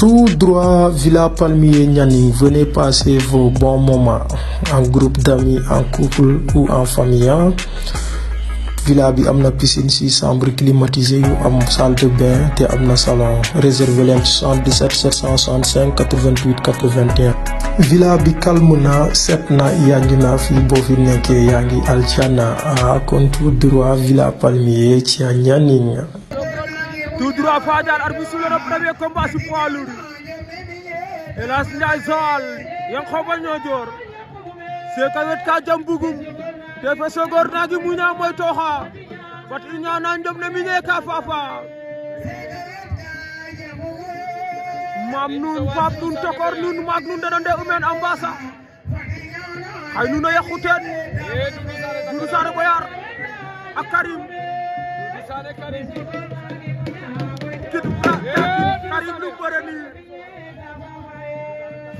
Tout droit, Villa Palmier Nyaning, venez passer vos bons moments en groupe d'amis, en couple ou en famille. Hein. villa bi Amna piscine si climatisée am salle de bain te Amna salon Réservez l'aide 77 765 88 81. villa bi calme na sept na yàgg na fi ngi à contour droit villa palmier ci tout droit Fadiane arbitre sifflé na premier combat si poids lourd Elas Ndiaye Joal Yankoba Niodior Seka wet ka jam bugum tefe sogor nagi muña moy toxa fat i ñana njom ne miñe ka fafa mam nun fap nun tokor nun maak nun dana nde umen ambasa xay nun a yaqu teen Doudou ak Karim ñaari lu bëre ni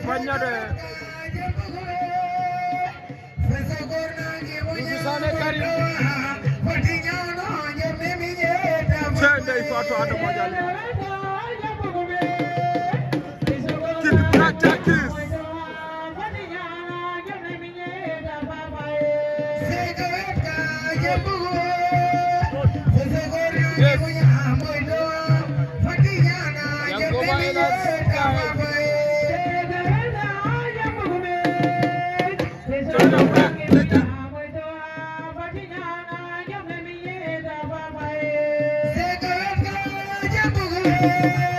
Fagna2 Doudou Sané Karim cey ndey Fatou Adama Diallo kid practice Yeah. Thank you.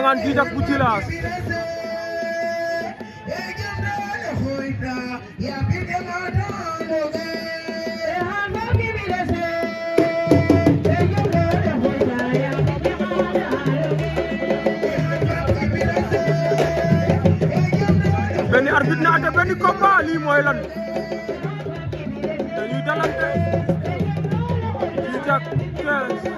Ndangaan Djidak bu Djilass benn arbitre na ate benn combat lii mooy lan dañuy dalante Djidak 15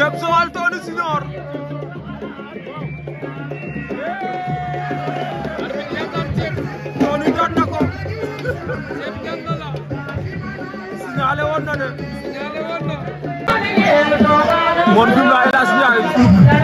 Thieb Joal Tony Junior Tony doon na ko signalé woon na de moon bi mu laay laas ñaay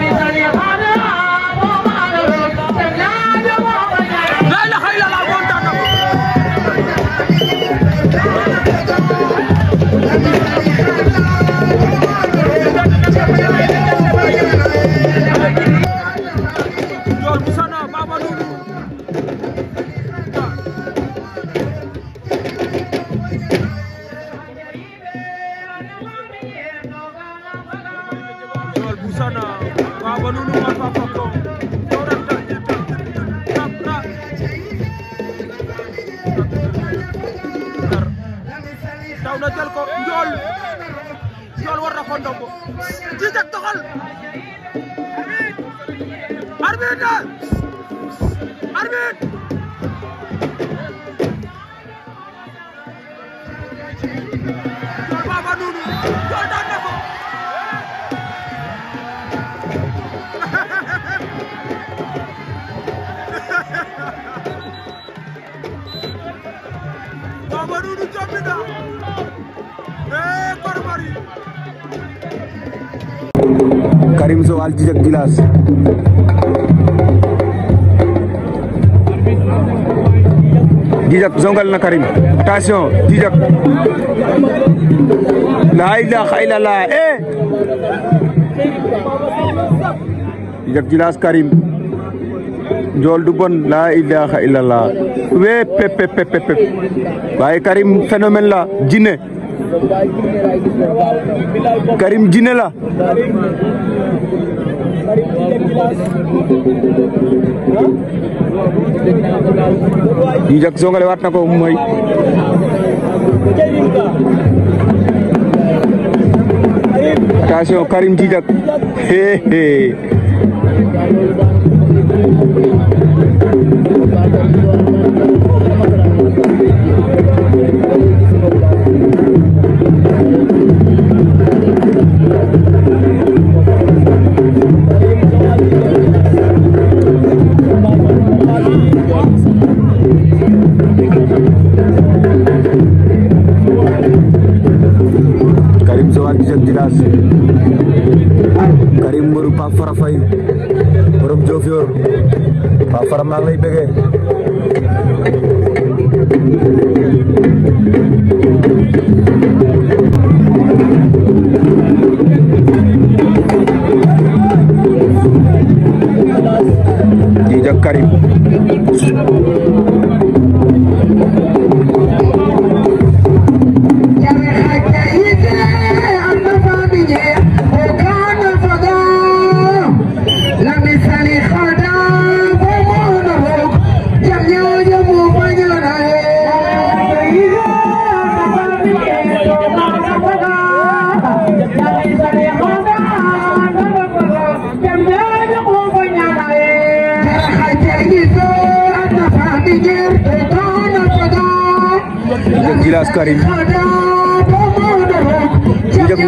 Fall Jijak Jilas Jijak zongal na Karim attention Jijak la ilaha illallah eh Jijak Jilas Karim njool du bon la ilaha illallah we pep Karim phénomène la jinne Karim jinne la dari Injak zonga lewat na ko umay. Tasyo Karim Dijak. He he. Thank you. Karim Sow ak Cheikh Djilass Karim Mburu Pape Fara Faye borom Diofior maa ngi lay bëggee Djidja Djilass Karim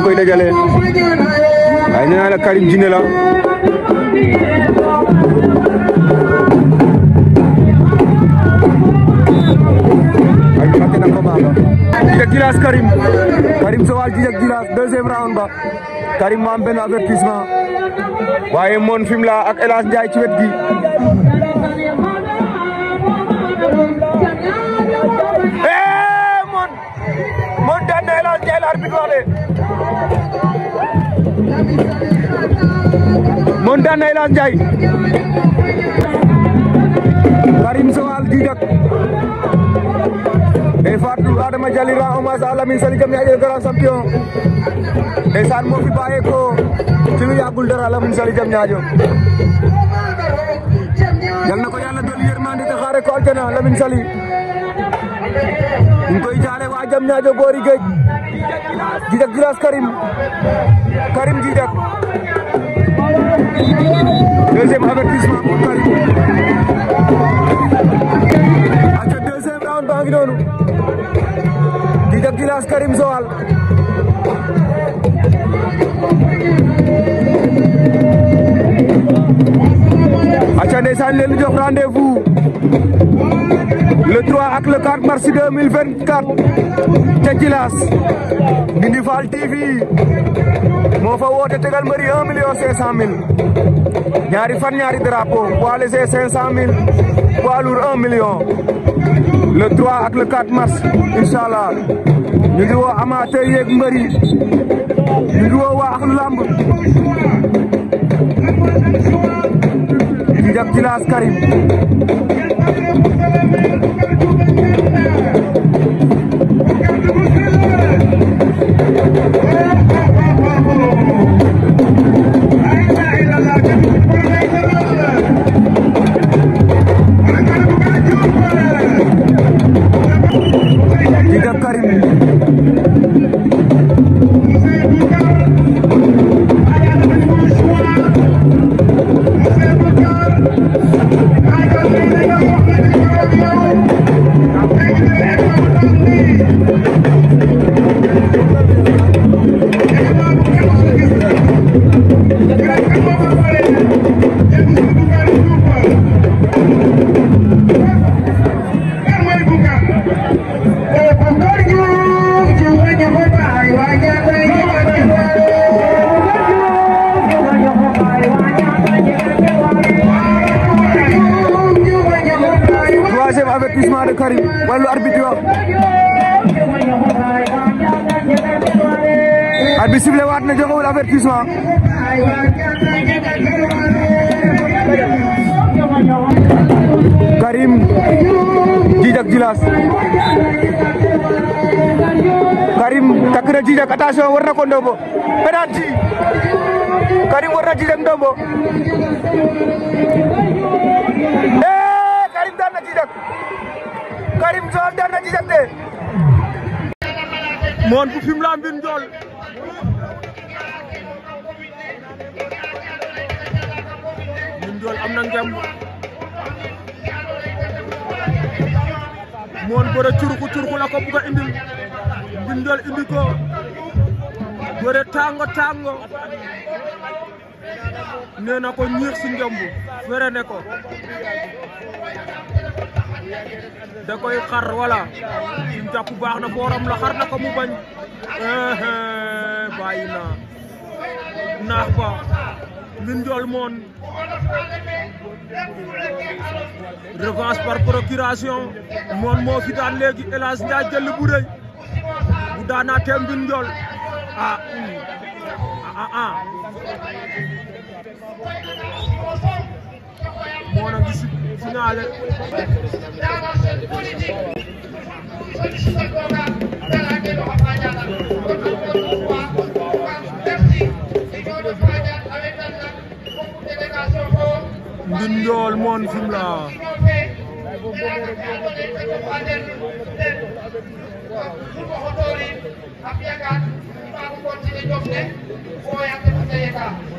koy dajale waaye nee naa Karim jinne la waaye fàtte na Karim Karim Sowal ji ak waaye moon fim la ak El ci wet gi moom daan na Elhadj Ndiaye Karim Sowal Djidak e Fatou Adama Jalira hommage à Lamine Sali Diamniadio grand champion ndeysaan moo fi bàyyee ko ci lu yàggul dara Lamine Sali Diamniadio yal na ko yàlla doon yërmande te xaare ko aljana Lamine Sali ñu koy jaale waa Diamniadio boori géej Djidak Djilas Karim Karim Djidak deuxième avertissement pour Tariku aca deuxième round baa Karim Joal aca ndeysaan leen le 3 ak le 4 mars TV moo fa woote tegal mbëri 1 million 500 mille ñaari fan ñaari drapeau poids léger 500 mille poids lourd million. le 3 ak le mars incha allah ñu ngi woo amateur yeeg mbëri ñu ngi woo waa axlu làmb njab jilaas Karim. Karim wàllu arbitre waat na joxewul avertissement Karim Djidjack Djilass Karim takk na Djidjack attention war na ko ndombo Karim war na Djidjack ndombo eh! Karim Ndiol dem na ci jante moon bu fim la mbir Ndiol am na ngem moon bëre curuku curuku la ko buga indil mbir indi ko bëre tàngo tàngo nee na ko ñiix si njomb fere ne ko da koy xar wala sim jàpp baax na booram la xar na ko mu bañ bàyyi na naax ba min moon revanche par procuration moon moo fi daan léegi hélas ndaa jël bu rëy bu daana teem bin njool ah, hmm. ah ah ah moo doon gis finale. Mbindol moon Fimela. Thank you.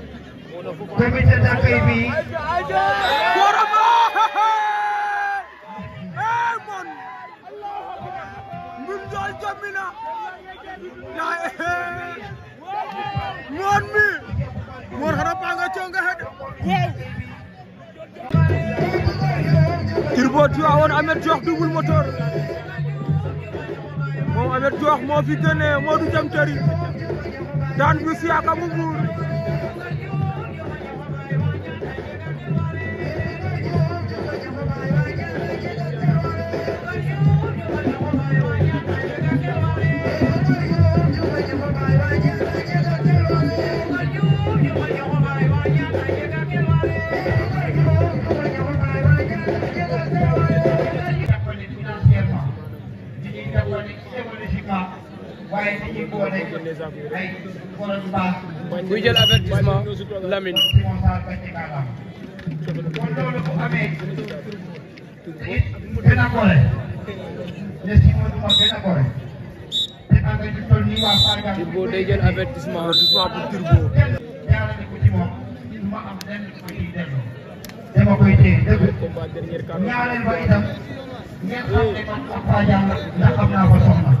comité d'accueil bi moon mi moon xana panga conga xed Turbo Tivaouane Ameth Jox double moteur moom Ameth Jox moo fi génne moo du jam tari daan bu siyaaka mu muur waaye dañuy boole ay borom baax. kuy jël avertissement Lamine. kon loolu bu amee it benn boole. ne si ma duma benn boole. te ànd ak ñu toll nii waa Farga. Turbo day jël avertissement avertissement pour Turbo. jaarale ko ci moom du ma am lenn ko ciy delloo. dama koy téye dëgg. ñaareel ba itam oh. ngeen xam ne man Farga la ndax am naa ko soxna.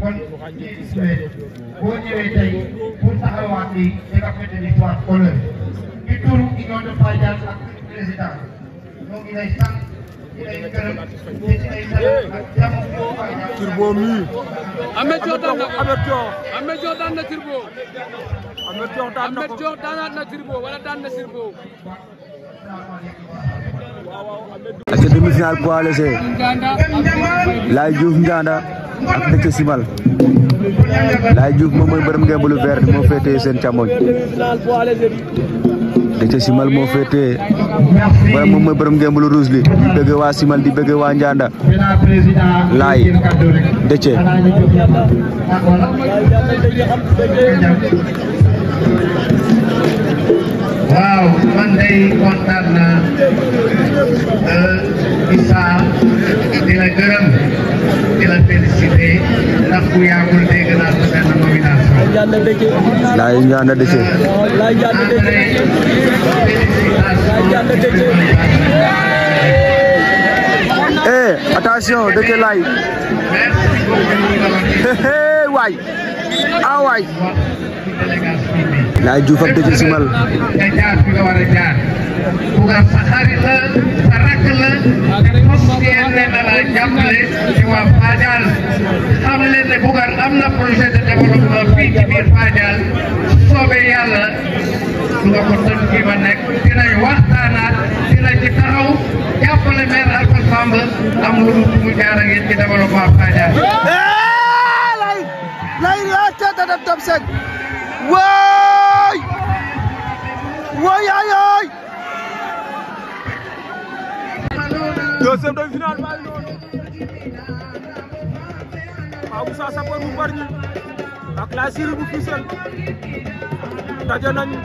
kon boo ñëwee tey pour taxawaat bi di nga fête victoire colère bi turu union de Fadial ak président ñoo ngi lay sant di lay gërëm te ci lay dalal ak jàmm turbo mi Ameth Thior daan na Ameth Thior Ameth Thior daan na turbo Ameth Thior daan na Ameth Thior daan na turbo wala daan na turbo waaw waaw demi-finale poids léger Laye Diouf Ndianda ak simal laju Diouf moom mooy borom ngeen bulu vert moo féetee seen càmmoñ simal moo féetee borom moom mooy ngeen bulu rusli li di bëgg simal di bëgg janda Ndianda Laye dëcc waaw man day kontaan naa euh, Issa di la gërëm di la félicité ndax bu yàggul dégg naa sa benn nomination. laay njaanda dëcce. laay njaanda dëcce. laay njaanda eh, dëcce. Eh, waay ah waay. laay juuf ak dëcce Bukan sehari la sa rakk la te fas yéen ne na la jàppale ci waa Fadial xam leen ne Bougane am na projet de développement fii ci biir Fadial soobee yàlla nga ko tënk fi ma nekk dinañ waxtaanaat dina ci taxaw jàppale maire Alpha deuxième demi-finale baa ngi noonu Babou Sa Sapeur bu Bargny ak Laye Siry bu Fissel daje nañu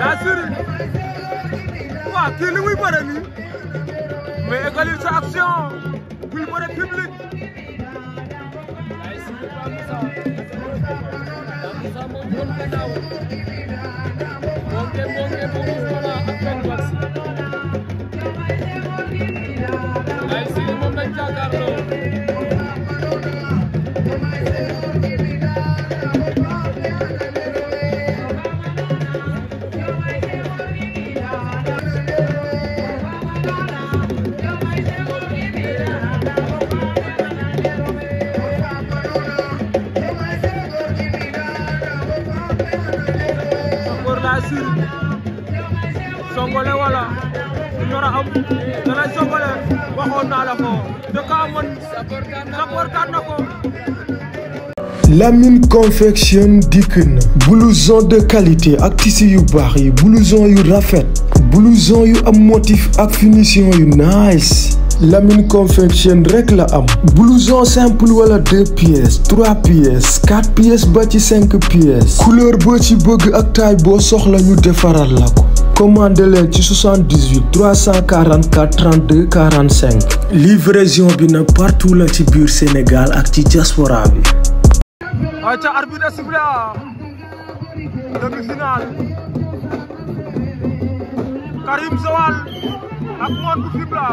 Laye Siry waaw kii li muy bëre nii mais égalil sa action buy bëre public Thank you. Thank you. Sapor na ko. Lamine confection dikk na blouson de qualité ak tissu yu baax yi blouson yu rafet blouson yu am motif ak finition yu nice Lamine confection rek la am blouson simple wala deux pièces trois pièces quatre pièces ba ci cinq pièces couleur boo ci bëgg ak taille boo soxla ñu defaral la ko commandé leen ci 78 344 32 45. livraison bi nag partout la ci biir Sénégal ak ci diaspora bi. ayca arbitre sifla demi-finale Karim Sowal ak Modou Fibla.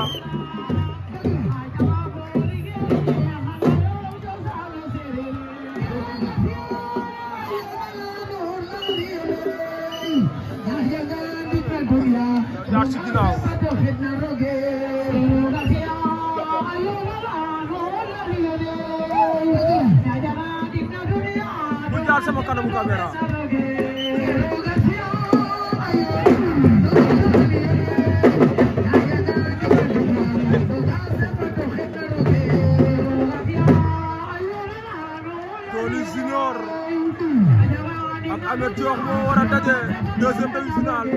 jaar ci ginnaaw mu jaar sama kanamu caméra Amet Diop moo war a daje deuxième demi-finale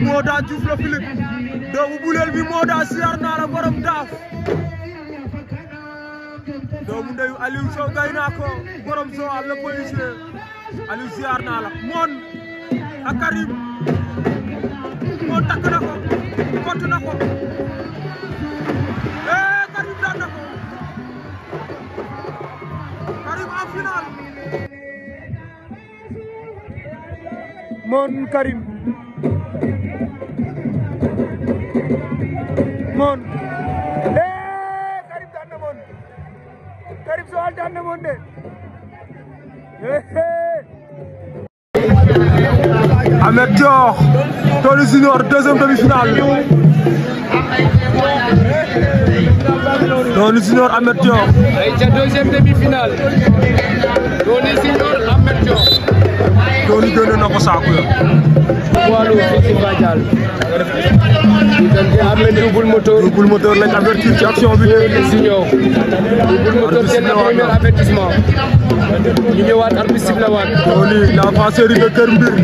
bi moo daan Diouf la Philippe doomu buleel bi moo daan siyaar naa la borom daaf doomu ndeyu Aliou Sow gay naa ko borom Sow àll policier Aliou naa la moon ak Karim moon takk na kott na ko eh, Karim daan na Karim en moon Karim moon eh, na moon Karim Joal eh. Ahmed Dior Tony Junior deuxième demi Tony Junior Ahmed Dior Tony Junior Ahmed Dior doon génne na ko saako ya. poids lourd fii ci Badiane. diggante Ahmed Double Moteur. Double Moteur lañ avertir ci action bi. Junior. Double Moteur jël na premier avertissement. ñu ñëwaat arbitre sifflé waat. loolu la fa série de Kër Mbir.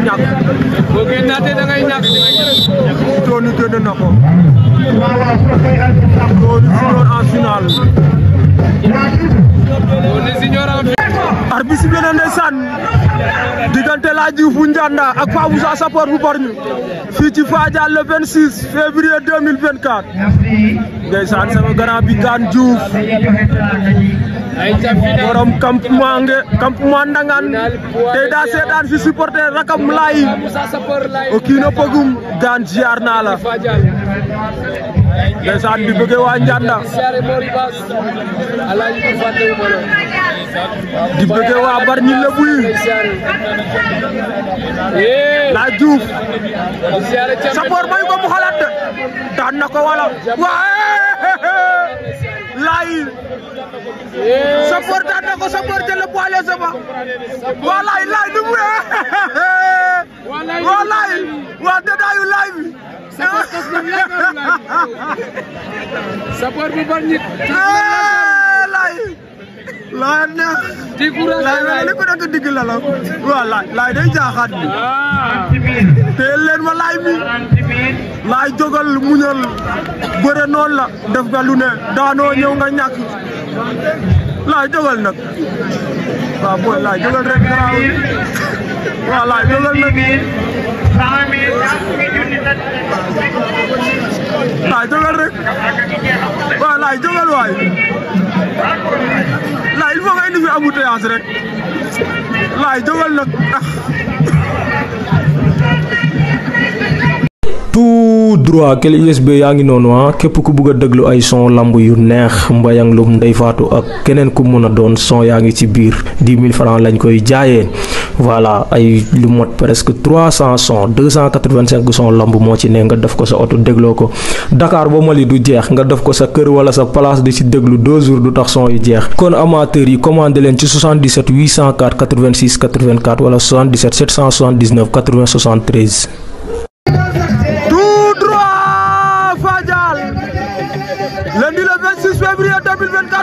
dangay ñàkk boo koy naatee dangay diggante Laye Diouf bu Ndianda ak Pape Moussa Sapeur bu Borgny fii ci Fadial le 26 ndeysaan sama grand bi gaan Diouf borom campement nge campement ndangaan tey daa seetaan fi supporter rakam laay o oh, kiino pogum gaan ziar naa la ndeysaan bi bëggee waa Njanda di bëggee waa Bargny Lebu yi laay Diouf sapoor mayu ko mu xalaat de daan na ko wala waaye laay Sopor daan na ko Sopor jël poil sa ba walaay laay nu mu walaay waa dédaayu laay bi Sopor bu bar nit laay laay ne laay laay li ko nekk digg la la waa laay laay day jaaxaat bi ah. teel leen mi laay jógal muñal bëre noonu la def nga lu ne daanoo ñëw nga ñàkk laay jógal nag laay jógal rek laay jógal nag laay ah. jógal rek laay jógal waay laay fi embouteillage rek laay droit kel ISB yaa ngi noonu ah képp ku bëgg a ay son lamb yu neex mbayang lu ndey faatu ak keneen ku mëna doon son yaa ngi ci biir 10000 francs lañ koy jaayé voilà ay lu mot presque 300 son 285 son lamb mo ci ne nga def ko sa auto dégloo ko Dakar bo Mali du jeex nga def ko sa kër wala sa place di ci déglu 2 jours du tax son yu jeex kon amateur yi commander len ci 77 804 86 84 wala 77 779 80 73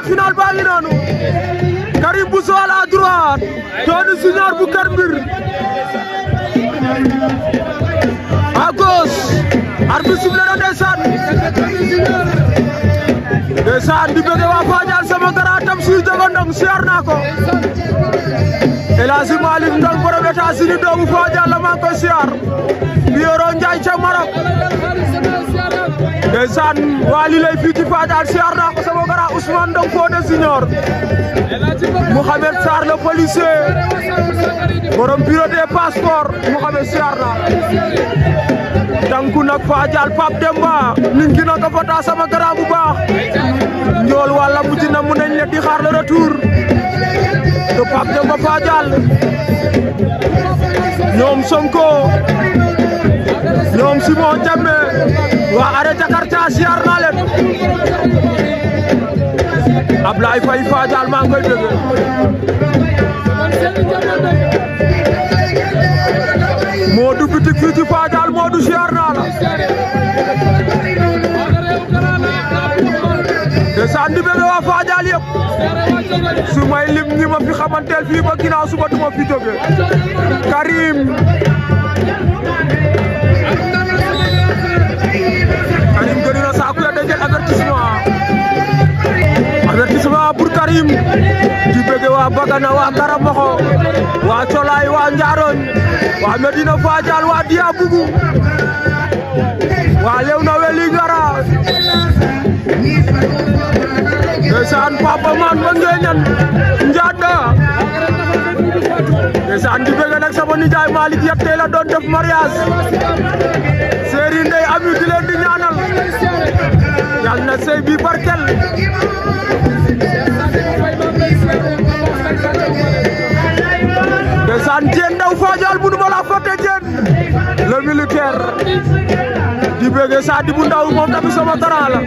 final baa ngi noonu Karim Bousso à la droite Tony Junior bu Keur Mbir à gauche arbitre sifflé na ndeysaan ndeysaan di bëgg waa Fadial sama gara tam suy jogondong siyaar naa ko El Hadji Malick Ndong borom doomu Faa Jàlla maa siyaar Biyoro Njaay ca Marok ndeysaan waali lay fii siyaar naa ko sama gara Ousmane Ndong Fodé Junior Mouhamed Sarr le policier borom bureau des passeports Mouhamed siyaar naa danku nak fa jaal pap demba ningi na sama gara bu baax njool wala mujj mu nañ di xaar le retour to Pape Demba Fa ñoom Sonko ñoom Simon Tembe waa arrêté Jakarta siyaar naa leen Ablaye Faye Fa Dial maa ngi koy dégg Modou bitik fii ci Fa Dial Modou siyaar naa la desandi be waa Fa Dial su lim ñi ma fi xamantel fi ba ginaaw suba duma fi joge Karim Karim gënu na saaku ya dégg avertissement avertissement pour Karim di bëgge wa Bagana waa Karamoxo wa cholay wa ndaron wa Medina Fadial wa lew na weli nga ndeysaan papa man ba ngeen ñan njaata ndeysaan di bëgg nag sama nijaay Malick yëpp tey la doon def mariage séeri ndey di leen di ñaanal yal na sëy bi barkel ndeysaan Diène Ndaw Fadial bu nu la fàtte Diène le militaire di bëggee Sady bu ndaw moom tamit sama dara la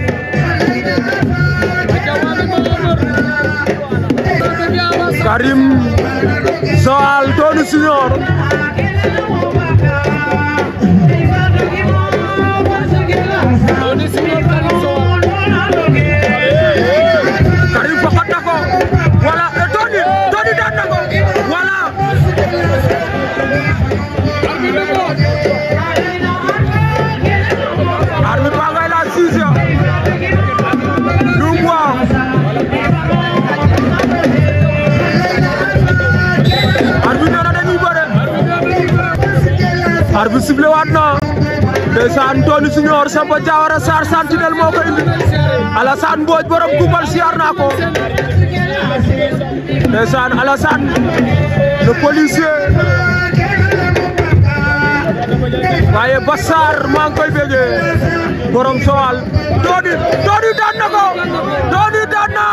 Karim Joal doonu Senior arbitre sifflé waat na ndeysaan Tony Junior Samba Diawara Sarr Sentinelle moo ko indi Alassane Mbodj borom Koumbal siyaar naa ko ndeysaan Alassane le policier waaye Bassar maa ngi koy borom Sowal Tony daan na ko Tony daan na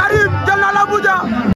Karim jël na la